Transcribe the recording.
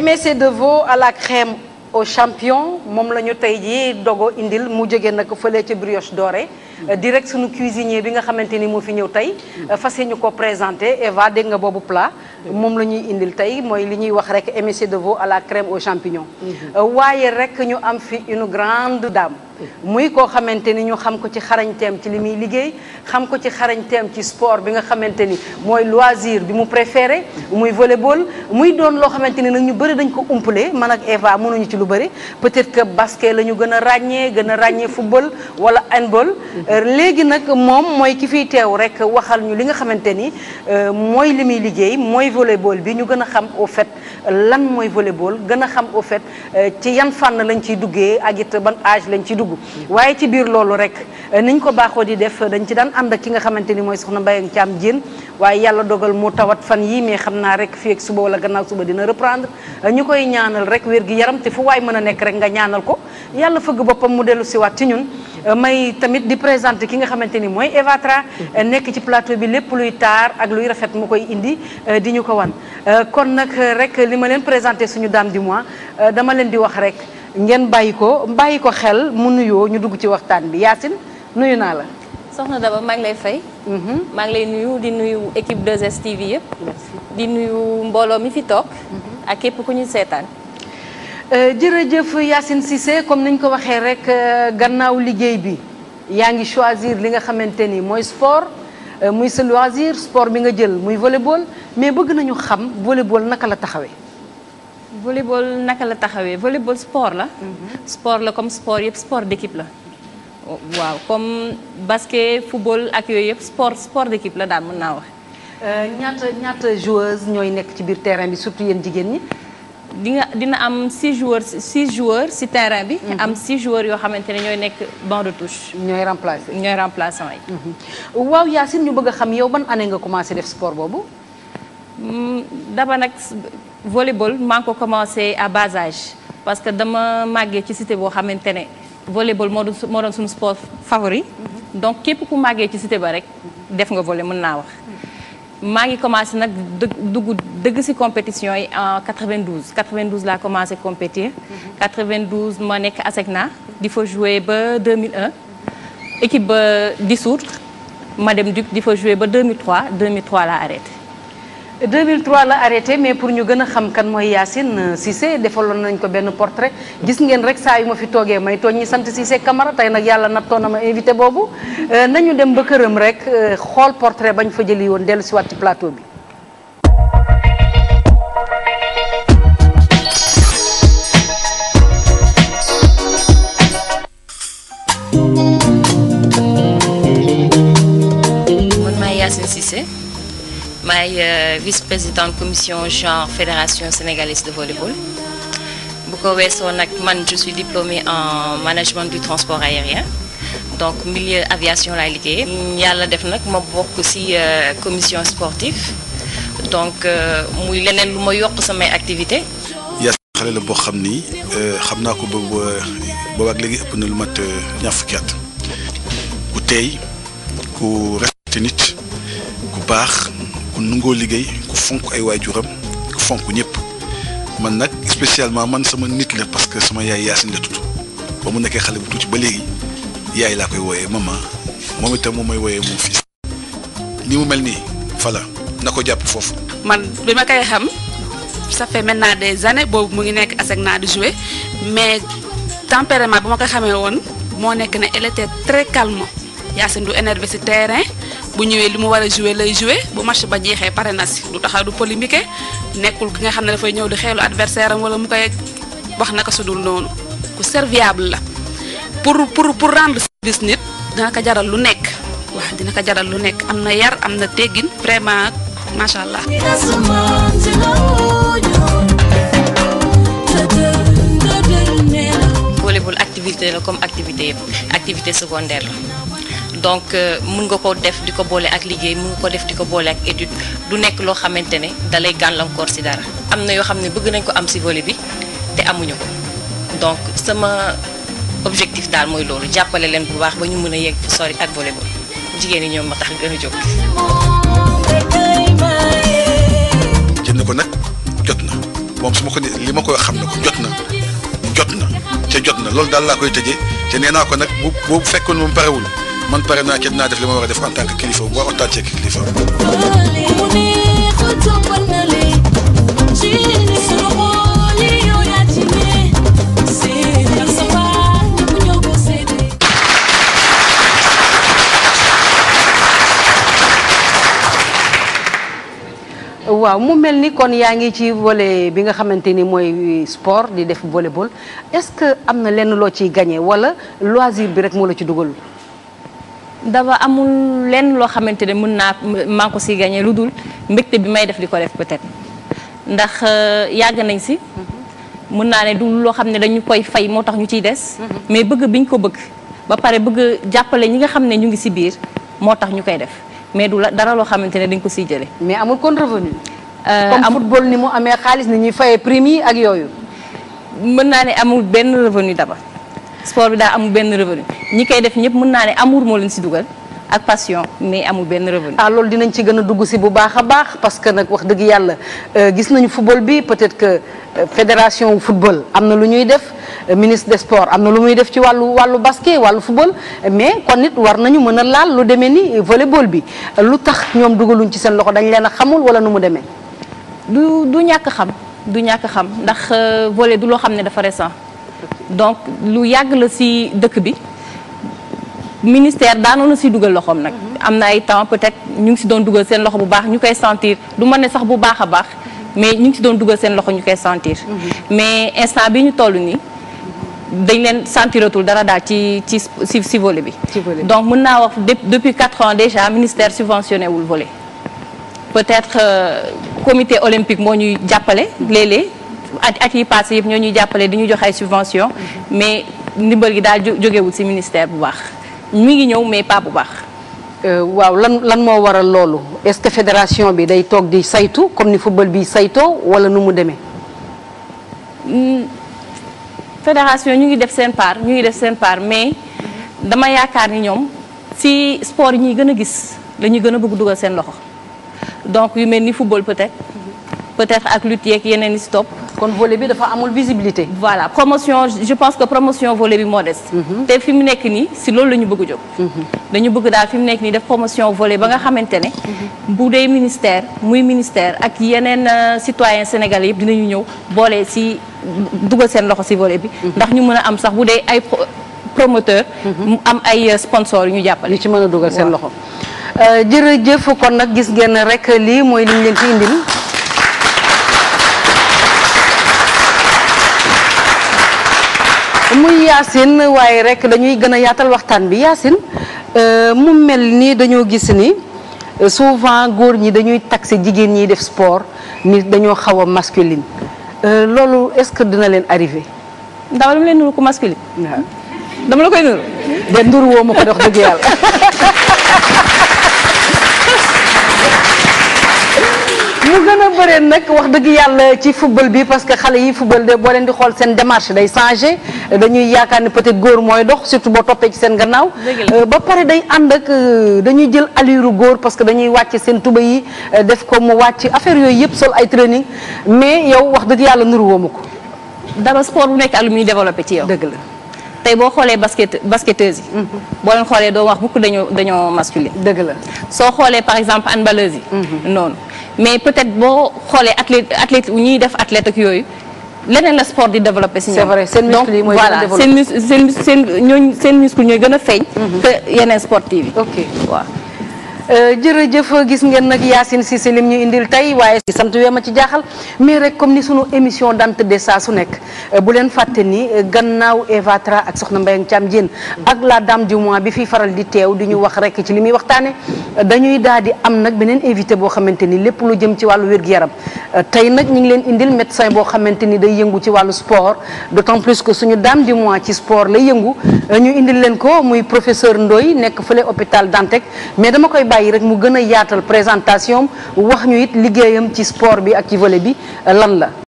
de Deveau à la crème au champion moom la ñu tey jii dogo indil mu jógee nag fële ca brioche doore euh, direct sunu cuisinier bi nga xamante ni moo fi ñëw tey euh, fas ñu ko présenter Eva dégg nga boobu plat moom la ñuy indil tey mooy li ñuy wax rek de Deveau à la crème au champignon mm-hmm. euh, waaye rek ñu am fi une grande dame muy koo xamante ni ñu xam ko ci xarañteem ci li muy liggéey xam ko ci xarañteem ci sport bi nga xamante ni mooy loisir bi mu préféré muy volleyball muy doon loo xamante ni nag ñu bëri dañ ko umpale man ak Eva mënuñu ci lu bëri peut-être que basket la ñu gën a ràññee gën a ràññee football wala handball euh, léegi nag moom mooy ki fiy teew rek waxal ñu li nga xamante ni euh, mooy li muy liggéey mooy volleyball bi ñu gën a xam au fait lan mooy volleyball gën a xam au fait euh, ci yan fànn lañ ciy duggee ak it ban âge lañ ciy dugg waaye ci biir loolu rek euh, niñ ko baaxoo di def dañ ci daan ànd ak ki nga xamante ni mooy soxna mbay Mbayang Thiam Diène waaye yàlla dogal mu tawat fan yii mais xam naa rek fii ak suba wala gannaaw suba dina reprendre euh, ñu koy ñaanal rek wér gi yaram te fu waay mën a nekk rek nga ñaanal ko yàlla fëgg boppam mu dellu si siwaat ci ñun may tamit di présenter ki nga xamante ni mooy Eva nekk ci plateau bi lépp luy taar ak luy rafet mu koy indi di ko wan li ma leen présenté suñu dame du mois euh, dama leen di wax rek ngeen bàyyi ko bàyyi ko xel mu nuyoo ñu dugg ci waxtaan bi Yacine nuyu naa la. soxna Daba maa lay fay. Mhm. maa ngi lay nuyu di nuyu équipe 2STV yëpp. di nuyu mbooloo mi fi toog. Mhm. ak képp ku ñu seetaan. Euh, jërëjëf Yacine Cissé comme niñ ko waxee rek euh, gannaaw liggéey bi yaa ngi choisir li nga xamante ni mooy sport. Euh, muy sa loisir sport bi nga jël muy volleyball mais bëgg nañu xam volleyball naka la taxawee. volleyball naka la taxawee volleyball sport la. Mhm. sport la comme sport yëpp sport d'équipe la. waaw comme basket football ak yooyu yëpp sport sport d'équipe la daal mën naa wax. Euh, ñaata ñaata joueuse ñooy nekk ci biir terrain bi surtout yéen jigéen ñi. di nga dina am six joueurs six joueurs si terrain bi. Mhm. am six joueurs yoo xamante ne ñooy nekk banc de touche. ñooy remplacer ñooy remplaçant yi. Mhm. waaw Yacine ñu bëgg a xam yow ban année nga commencé def sport boobu. Mm, daba nag volleyball maa ngi ko commencé à bas parce que dama màggee ci cité boo xamante ne volleyball moo doon moo doon suñu sport favori. Mhm. donc képp ku màggee ci cité ba rek def nga volley mën naa wax. maa ngi commencé nag dugg dëgg ci compétition yi en 92 92 laa commencé compétir. 92 mhm. ma nekk ASECNA di fa jouer ba 2001. équipe ba dissoute ma dem DUC di fa jouer ba 2003 2003 laa arrêté. 2003 la arrêté mais pour ñu gën a xam kan mooy Yacine Cissé defaloon nañ ko benn portrait gis ngeen rek saa yu ma fi toogee may tooñ ñi sant Cissé Camara tey nag yàlla nattoo na ma invité boobu euh, nañu dem ba këram rek euh, xool portrait ñu fa jëli woon dellu si waat ci plateau bi maay euh, vice-présidente commission genre fédération sénégalaise de volleyball bu ko weesoo nag man je suis diplômée en management du transport aérien donc milieu aviation laay liggéey yàlla def nag ma bokk si euh, commission sportive donc euh, muy leneen lu ma yokk samay activité Yass xale la boo xam ni xam naa ko boobu boobu ak léegi ëpp na lu mat ñaar fukki ku tey ku respecté nit ku baax ku nungoo liggéey ku fonk ay waajuram ku fonk ñëpp man nag spécialement man sama nit la parce que sama yaay Yacine la ba mu nekkee xale bu tuuti ba léegi yaay laa koy wooyee maman moom itam moom mooy wooyee moom fils ni mu mel nii fala na ko jàpp foofu. man bi ma koy xam ça fait maintenant des années boobu mu ngi nekk asek naa di jouer mais tempérament bi ma ko xamee woon moo nekk ne elle était très calme Yacine du énervé si terrain. bu ñëwee li mu war a joué lay joué bu match ba jeexee pare na si du taxaw du polémique nekkul ki nga xam ne dafay ñëw di xeelu adversaire am wala mu koy wax naka su dul noonu ku serviable la pour pour pour rendre service nit dina ko jaral lu nekk waaw dina ko jaral lu nekk am na yar am na teggin vraiment macha allah. volleyball activité la comme activité yëpp activité secondaire la. donc euh, mun nga ko def di ko boole ak liggéey mun nga ko def di ko boole ak étude du nekk loo xamante ne dalay gàllankoor si dara. am na yoo xam ne bëgg nañ ko am si volet bi te amuñu ko donc sama objectif daal mooy loolu jàppale leen bu baax ba ñu mën a yegg sori ak volet boobu jigéen ñi ñoom ma tax gën a jóg. ko nag jot na moom su ma ko li ma koy xam ne ko jot na jot na ca jot na loolu daal laa koy tëjee te nee naa ko nag bu bu fekkoon moom parewul man pare naa ci dinaa def li ma war a waaw mu mel ni kon yaa ngi ci volet bi nga xamante ni mooy sport di def volleyball est-ce que am na lenn loo ciy gagné wala loisir bi rekk moo la ci dugal. daba amul lenn loo xamante ne mën naa maa ko si gagné lu dul mbégte bi may def di ko def peut-être ndax euh, yàgg nañ si. Mm-hmm. mën naa ne du loo xam ne dañu koy fay moo tax ñu ciy des. Mm-hmm. mais bëgg biñ ko bëgg. ba pare bëgg jàppale ñi nga xam ne ñu ngi si biir moo tax ñu koy def mais du la dara loo xamante ne dañ ko si jëlee. mais amul kon revenu. Euh, comme football ni mu amee xaalis ni ñuy fayee prime yi ak yooyu. mën naa ne amul benn revenu daba sport bi daa amul benn revenu. ñi koy def ñëpp mën naa ne amour moo leen si dugal ak passion mais amul benn revenu. ah loolu dinañ ci gën a dugg si bu baax a baax parce que nag wax dëgg yàlla euh, gis nañu football bi peut-être que euh, fédération wu football am na lu ñuy def euh, ministre de sport am na lu muy def ci wàllu wàllu baske wàllu football mais kon nit war nañu mën a laal lu demee ni volleyball bi lu tax ñoom dugaluñ ci seen loxo dañ leen a xamul wala nu mu demee. du du ñàkk xam du ñàkk xam ndax volley du loo xam ne dafa récent si dëkk bi. ministère daanoon na si dugal loxoom nag. Mhm. am na ay temps peut-être ñu ngi si doon dugal seen loxo bu baax ñu koy sentir du ma ne sax bu baax a baax. mais ñu ngi si doon dugal seen loxo ñu koy sentir. Mhm. mais instant bi ñu toll nii. dañ leen sentiratul dara daal ci ci ci si volet bi. donc mën naa wax depuis quatre ans déjà ministère subventionné wul volet. peut-être euh, comité olympique moo ñuy jàppale. léeg-léeg at at yi passé yëpp ñoo ñuy jàppale di ñu jox ay subventions. Mhm. mais ndimbal gi daal jógewul ci ministère bu baax. mi ngi ñëw mais pas bu baax. Euh, waaw lan lan moo waral loolu est-ce que fédération bi day toog di saytu comme ni football bi saytoo wala nu mu demee. Hmm, fédération ñu ngi def seen part ñu ngi def seen part mais dama yaakaar ni ñoom si sport yi ñuy gën a gis la gën a bëgg dugal seen loxo donc yu mel ni football peut-être peut-être ak lutte yeeg yeneen i si kon volet bi dafa amul visibilité. voilà promotion je pense que promotion volet bi moo des. Mhm. te fi mu nekk nii si loolu la ñu bëgg a jóg. Mhm. dañu bëgg daal fi mu nekk nii def promotion vole ba nga xamante ne. Mhm. bu dee ministère muy ministère ak yeneen euh, citoyen sénégalais yëpp dinañu ñëw boole si dugal seen loxo si volet bi. ndax ñu mën a am sax bu dee ay promoteur mu am ay euh, sponsor yu ñu jàppale. li ci mën a dugal seen loxo. Euh, jërëjëf kon nag gis ngeen rek lii mooy li ñu leen muy Yacine waaye rek dañuy gën a yaatal waxtaan bi Yacine euh, mu mel nii dañoo gis ni euh, souvent góor ñi dañuy taxé jigéen ñiy def sport ni dañoo xaw a masculine euh, loolu est-ce que dina leen arrivé. ndax dama leen nuru ko masculine. dama la koy nuru. de ndur woo ma ko dox dëgg mu gën a bëree nag wax dëgg yàlla ci football bi parce que xale yi football de boo leen di xool seen démarche day changé dañuy yaakaar ne peut-être góor mooy dox surtout boo toppee ci seen gannaaw euh, ba pare day ànd ak euh, dañuy jël allure góor parce que dañuy wàcc seen tuba yi euh, def ko mu wàcc affaire yooyu yëpp sol ay training mais yow wax dëgg yàlla nuru woomu ko dama sport bu nekk ak lu muy développé ci yow dëgg la tey boo xoolee basket basketteuses yi. Mm-hmm. boo xoolee doo wax beaucoup dañoo dañoo masculine. dëgg la soo xoolee par exemple handballeuses yi. Mm-hmm. noonu. mais peut-être boo xoolee athlète u ñuy def athlète ak yooyu leneen la sport di développé si ñoom. c'est vrai seen muscle yi mooy gën a développé seen seen seen ñooñu seen muscle ñooy gën a feeñ. Mhm. que yeneen sportif yi. ok waaw. Euh, jërëjëf gis ngeen nag Yacine Cissé lim ñu indil tey waaye sant wee ma ci jaaxal mais rek comme ni sunu émission daan tëddee saa su nekk euh, bu leen fàtte ni euh, gannaaw Eva Tra ak Soxna Mbayang Thiam Diène ak la dame du mois bi fi faral di teew di ñu wax rek ci li muy waxtaane dañuy daal di am nag beneen invité boo xamante ni lépp lu jëm ci wàllu wér-gu-yaram tey nag ñu ngi leen indil médecin boo xamante ni day yëngu ci wàllu sport d'autant plus que suñu daam du mois ci sport lay yëngu ñu indil leen ko muy professeur Ndoye nekk fële hôpital Dantec bàyyi rek mu gën a yaatal présentation wax ñu it liggéeyam ci sport bi ak ci volley bi lan la.